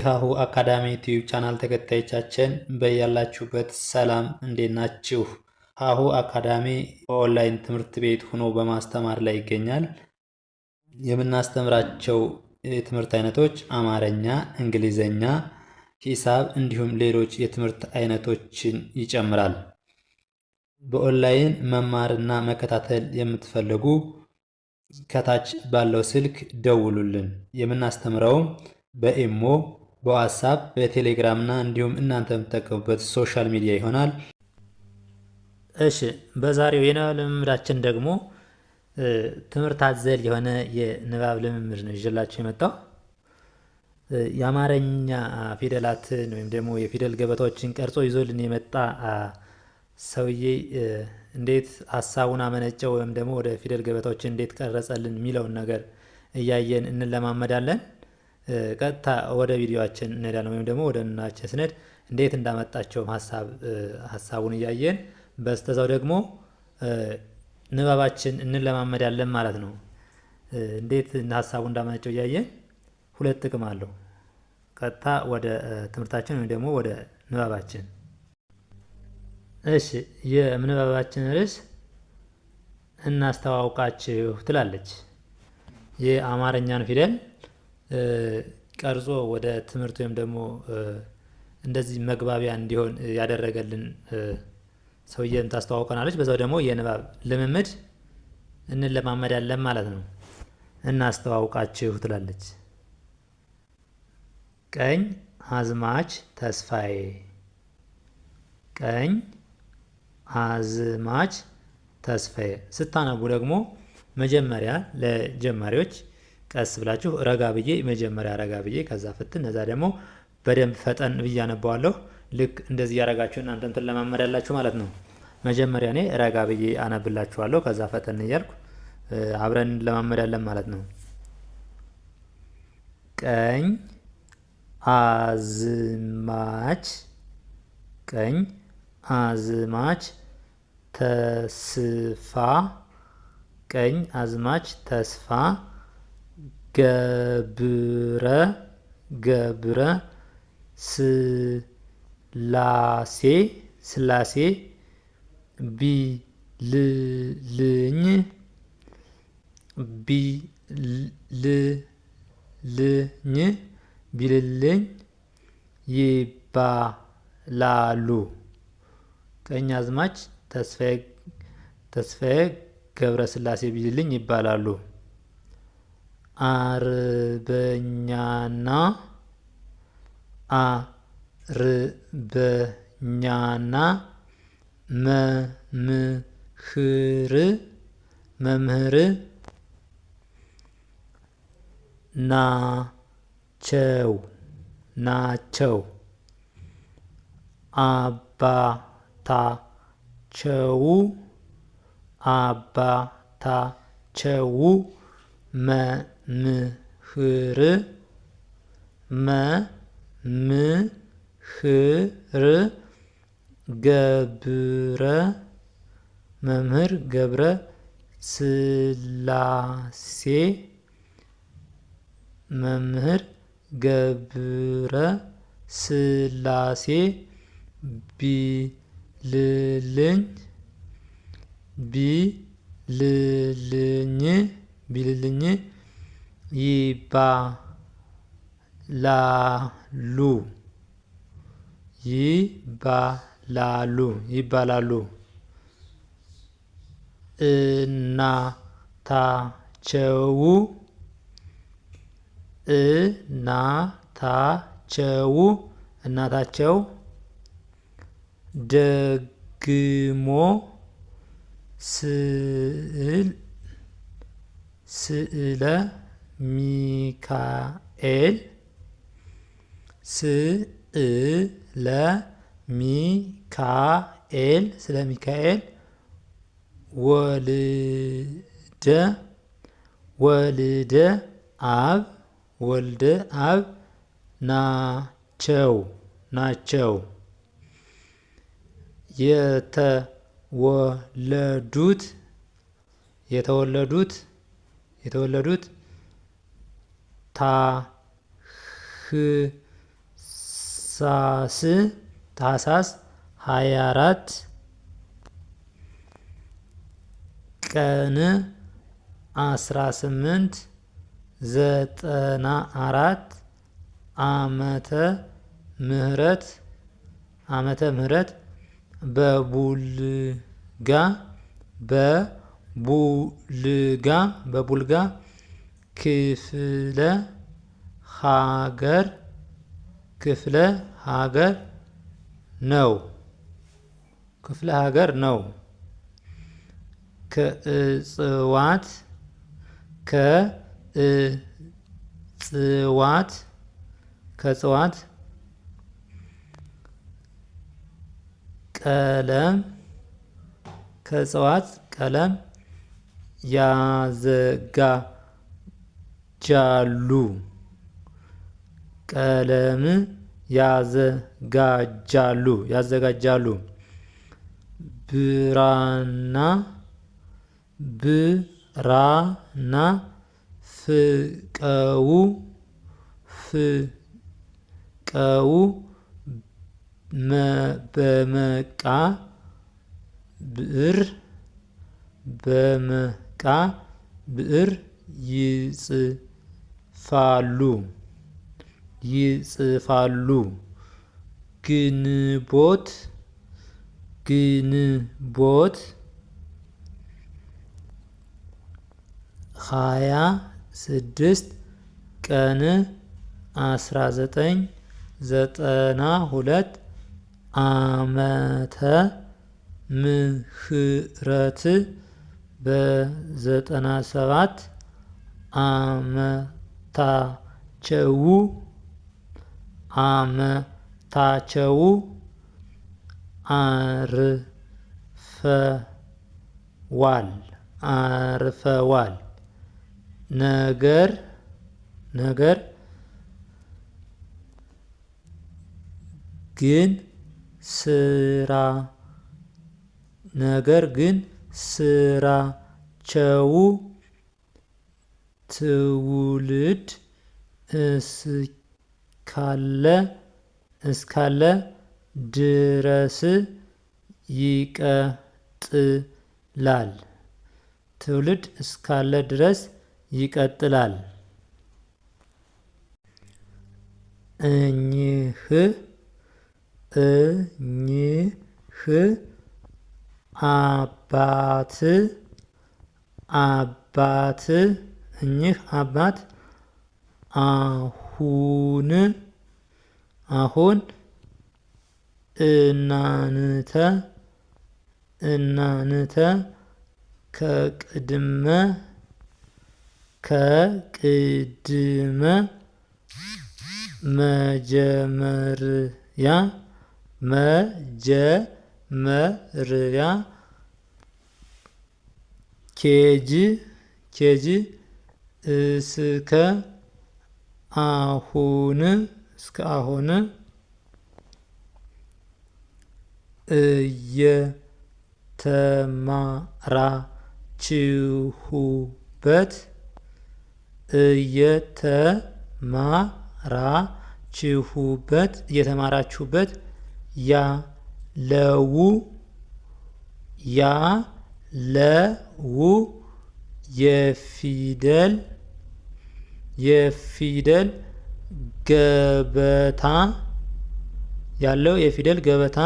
ካሁ አካዳሚ ዩቲዩብ ቻናል ተከታዮቻችን በያላችሁበት ሰላም፣ እንዴት ናችሁ? ካሁ አካዳሚ ኦንላይን ትምህርት ቤት ሆኖ በማስተማር ላይ ይገኛል። የምናስተምራቸው የትምህርት አይነቶች አማርኛ፣ እንግሊዘኛ፣ ሂሳብ እንዲሁም ሌሎች የትምህርት አይነቶችን ይጨምራል። በኦንላይን መማርና መከታተል የምትፈልጉ ከታች ባለው ስልክ ደውሉልን። የምናስተምረውም በኢሞ በዋትሳፕ በቴሌግራም እና እንዲሁም እናንተ የምትጠቀሙበት ሶሻል ሚዲያ ይሆናል። እሺ በዛሬው የንባብ ልምምዳችን ደግሞ ትምህርት አዘል የሆነ የንባብ ልምምድ ነው ይዤላችሁ የመጣው የአማርኛ ፊደላትን ወይም ደግሞ የፊደል ገበታዎችን ቀርጾ ይዞልን የመጣ ሰውዬ እንዴት ሀሳቡን አመነጨው ወይም ደግሞ ወደ ፊደል ገበታዎችን እንዴት ቀረጸልን የሚለውን ነገር እያየን እንለማመዳለን። ቀጥታ ወደ ቪዲዮችን እንሄዳለን ወይም ደግሞ ወደ እናችን ስንሄድ እንዴት እንዳመጣቸው ሀሳቡን እያየን በስተዛው ደግሞ ንባባችን እንለማመዳለን ማለት ነው። እንዴት ሀሳቡ እንዳመጣቸው እያየን ሁለት ጥቅም አለው። ቀጥታ ወደ ትምህርታችን ወይም ደግሞ ወደ ንባባችን። እሺ የምንባባችን ርዕስ እናስተዋውቃችሁ ትላለች የአማርኛን ፊደል ቀርጾ ወደ ትምህርት ወይም ደግሞ እንደዚህ መግባቢያ እንዲሆን ያደረገልን ሰውዬም ታስተዋውቀናለች። በዛው ደግሞ የንባብ ልምምድ እንለማመዳለን ማለት ነው። እናስተዋውቃችሁ ትላለች። ቀኝ አዝማች ተስፋዬ፣ ቀኝ አዝማች ተስፋዬ። ስታነቡ ደግሞ መጀመሪያ ለጀማሪዎች ቀስ ብላችሁ ረጋ ብዬ መጀመሪያ ረጋ ብዬ ከዛ ፍትን እነዛ ደግሞ በደንብ ፈጠን ብዬ አነባዋለሁ። ልክ እንደዚህ ያረጋችሁ እንትን ለማመዳላችሁ ማለት ነው። መጀመሪያ እኔ ረጋ ብዬ አነብላችኋለሁ። ከዛ ፈጠን እያልኩ አብረን ለማመዳለን ማለት ነው። ቀኝ አዝማች ቀኝ አዝማች ተስፋ ቀኝ አዝማች ተስፋ ገብረ ገብረ ስላሴ ስላሴ ቢልልኝ ቢልልኝ ቢልልኝ ይባላሉ። ቀኝ አዝማች ተስፋዬ ተስፋዬ ገብረ ስላሴ ቢልልኝ ይባላሉ። አርበኛና አርበኛና መምህር መምህር ናቸው ናቸው አባታቸው አባታቸው መ ምህር ምሁር ምህር ገብረ መምህር ገብረ ስላሴ መምህር ገብረ ስላሴ ቢልልኝ ቢልልኝ ቢልልኝ ይባላሉ ይባላሉ ይባላሉ እናታቸው እናታቸው እናታቸው ደግሞ ስዕል ስዕለ ሚካኤል ስዕለ ሚካኤል ስለ ሚካኤል ወልደ ወልደ አብ ወልደ አብ ናቸው ናቸው የተወለዱት የተወለዱት የተወለዱት ታህሳስ ታህሳስ 24 ቀን 18 ዘጠና አራት ዓመተ ምህረት ዓመተ ምህረት በቡልጋ በቡልጋ በቡልጋ ክፍለ ሀገር ክፍለ ሀገር ነው ክፍለ ሀገር ነው። ከእጽዋት ከእጽዋት ከእጽዋት ቀለም ከእጽዋት ቀለም ያዘጋ ጃሉ ቀለም ያዘጋጃሉ ያዘጋጃሉ ብራና ብራና ፍቀው ፍቀው በመቃ ብዕር በመቃ ብዕር ይጽ ይጽፋሉ ይጽፋሉ ግንቦት ግንቦት ሀያ ስድስት ቀን አስራ ዘጠኝ ዘጠና ሁለት አመተ ምህረት በዘጠና ሰባት አመ ታቸው አመታቸው አርፈዋል አርፈዋል ነገር ነገር ግን ስራ ነገር ግን ስራቸው ትውልድ እስካለ እስካለ ድረስ ይቀጥላል። ትውልድ እስካለ ድረስ ይቀጥላል። እኚህ እኚህ አባት አባት እኚህ አባት አሁን አሁን እናንተ እናንተ ከቅድመ ከቅድመ መጀመርያ መጀመርያ ኬጂ ኬጂ እስከ አሁን እስከ አሁን እየተማራችሁበት እየተማራችሁበት እየተማራችሁበት ያለው ያለው የፊደል የፊደል ገበታ ያለው የፊደል ገበታ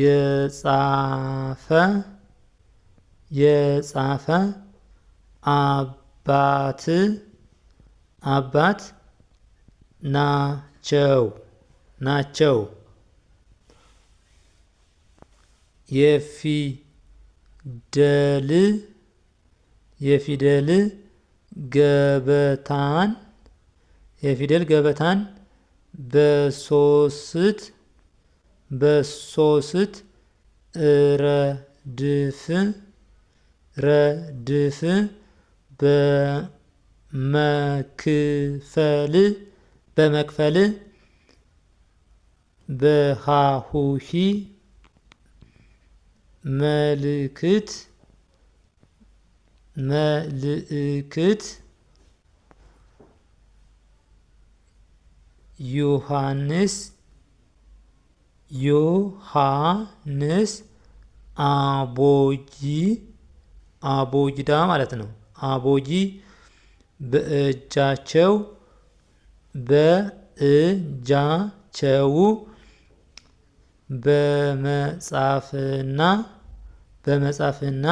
የጻፈ የጻፈ አባት አባት ናቸው ናቸው የፊደል የፊደል ገበታን የፊደል ገበታን በሶስት በሶስት ረድፍ ረድፍ በመክፈል በመክፈል በሃሁሂ መልክት መልእክት ዮሐንስ ዮሐንስ አቦጂ አቦጂዳ ማለት ነው። አቦጂ በእጃቸው በእጃቸው በመጻፍና በመጻፍና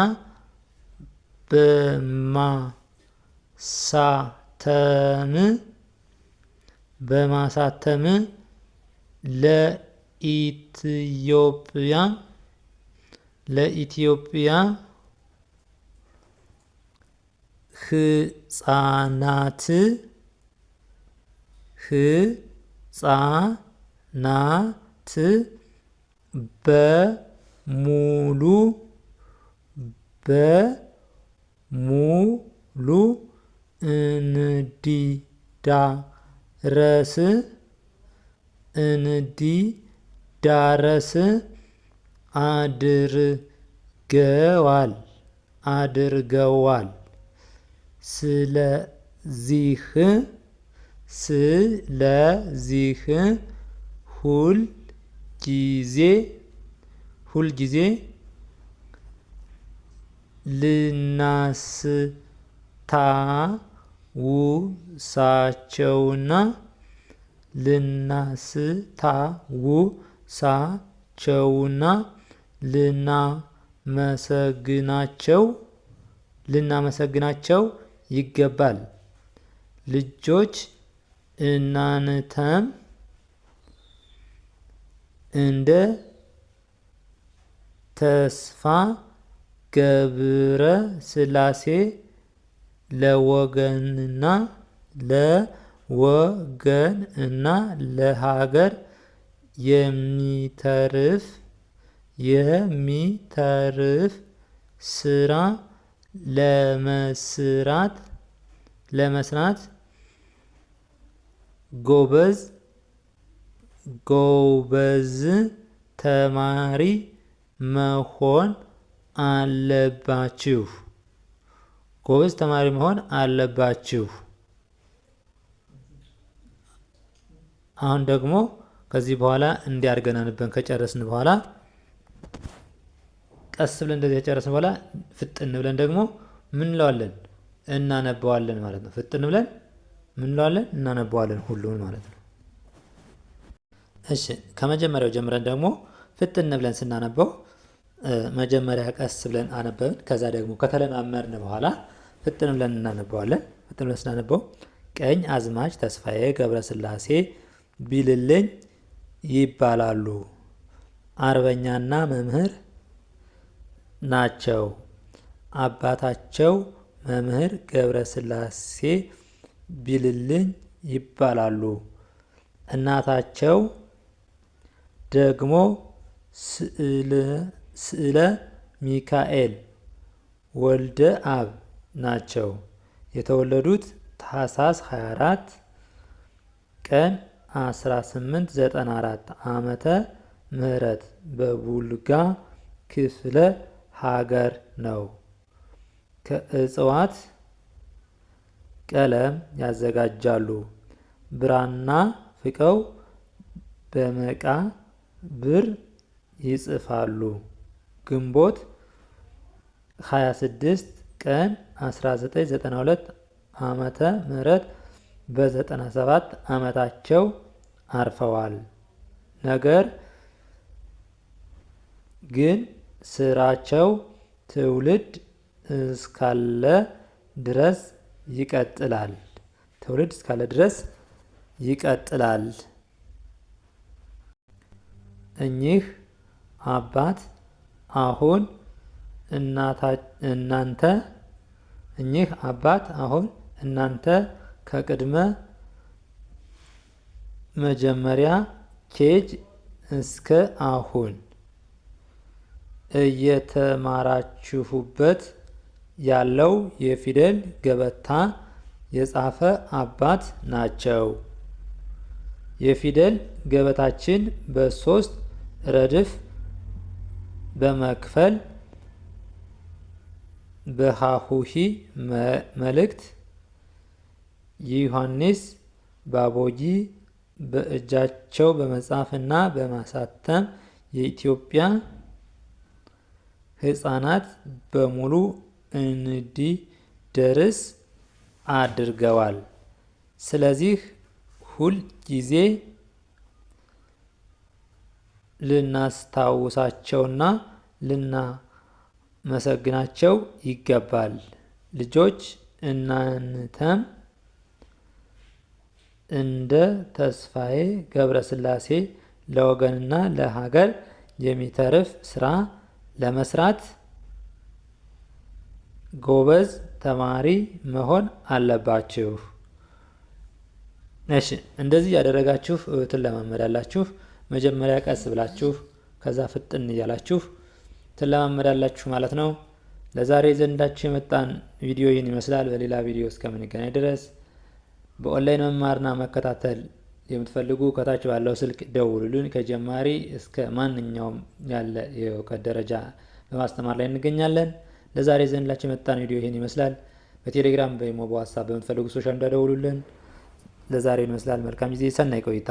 በማሳተም በማሳተም ለኢትዮጵያ ለኢትዮጵያ ህጻናት ህጻናት በሙሉ በ ሙሉ እንዲዳረስ እንዲዳረስ አድርገዋል አድርገዋል። ስለዚህ ስለዚህ ሁል ጊዜ ሁል ጊዜ ልናስታውሳቸውና ልናስታውሳቸውና ልናመሰግናቸው ልናመሰግናቸው ይገባል። ልጆች እናንተም እንደ ተስፋ ገብረ ስላሴ ለወገንና ለወገን እና ለሀገር የሚተርፍ የሚተርፍ ስራ ለመስራት ለመስራት ጎበዝ ጎበዝ ተማሪ መሆን አለባችሁ። ጎበዝ ተማሪ መሆን አለባችሁ። አሁን ደግሞ ከዚህ በኋላ እንዲያርገን ከጨረስን በኋላ ቀስ ብለን እንደዚህ ከጨረስን በኋላ ፍጥን ብለን ደግሞ ምን እንለዋለን? እናነባዋለን ማለት ነው። ፍጥን ብለን ምን እንለዋለን? እናነባዋለን ሁሉን ማለት ነው። እሺ ከመጀመሪያው ጀምረን ደግሞ ፍጥን ብለን ስናነበው መጀመሪያ ቀስ ብለን አነበብን። ከዛ ደግሞ ከተለማመርን በኋላ ፍጥን ብለን እናነበዋለን። ፍጥን ብለን ስናነበው ቀኝ አዝማች ተስፋዬ ገብረስላሴ ቢልልኝ ይባላሉ። አርበኛና መምህር ናቸው። አባታቸው መምህር ገብረስላሴ ቢልልኝ ይባላሉ። እናታቸው ደግሞ ስዕል ስዕለ ሚካኤል ወልደ አብ ናቸው። የተወለዱት ታሳስ 24 ቀን 1894 ዓመተ ምህረት በቡልጋ ክፍለ ሀገር ነው። ከእጽዋት ቀለም ያዘጋጃሉ። ብራና ፍቀው በመቃ ብር ይጽፋሉ። ግንቦት 26 ቀን 1992 ዓመተ ምህረት በ97 ዓመታቸው አርፈዋል። ነገር ግን ስራቸው ትውልድ እስካለ ድረስ ይቀጥላል። ትውልድ እስካለ ድረስ ይቀጥላል። እኚህ አባት አሁን እናንተ እኚህ አባት አሁን እናንተ ከቅድመ መጀመሪያ ኬጅ እስከ አሁን እየተማራችሁበት ያለው የፊደል ገበታ የጻፈ አባት ናቸው። የፊደል ገበታችን በሶስት ረድፍ በመክፈል በሃሁሂ መልእክት ዮሐንስ ባቦጊ በእጃቸው በመጻፍና በማሳተም የኢትዮጵያ ሕፃናት በሙሉ እንዲደርስ አድርገዋል። ስለዚህ ሁል ጊዜ ልናስታውሳቸውና ልናመሰግናቸው ይገባል። ልጆች እናንተም እንደ ተስፋዬ ገብረስላሴ ለወገንና ለሀገር የሚተርፍ ስራ ለመስራት ጎበዝ ተማሪ መሆን አለባችሁ። እሺ እንደዚህ ያደረጋችሁ አላችሁ? መጀመሪያ ቀስ ብላችሁ ከዛ ፍጥን እያላችሁ ትለማመዳላችሁ ማለት ነው። ለዛሬ ዘንዳችሁ የመጣን ቪዲዮ ይህን ይመስላል። በሌላ ቪዲዮ እስከምንገናኝ ድረስ በኦንላይን መማርና መከታተል የምትፈልጉ ከታች ባለው ስልክ ደውሉልን። ከጀማሪ እስከ ማንኛውም ያለ የእውቀት ደረጃ በማስተማር ላይ እንገኛለን። ለዛሬ ዘንዳችሁ የመጣን ቪዲዮ ይህን ይመስላል። በቴሌግራም በኢሞ በዋትሳፕ በምትፈልጉ ሶሻል ሚዲያ ደውሉልን። ለዛሬ ይመስላል። መልካም ጊዜ፣ ሰናይ ቆይታ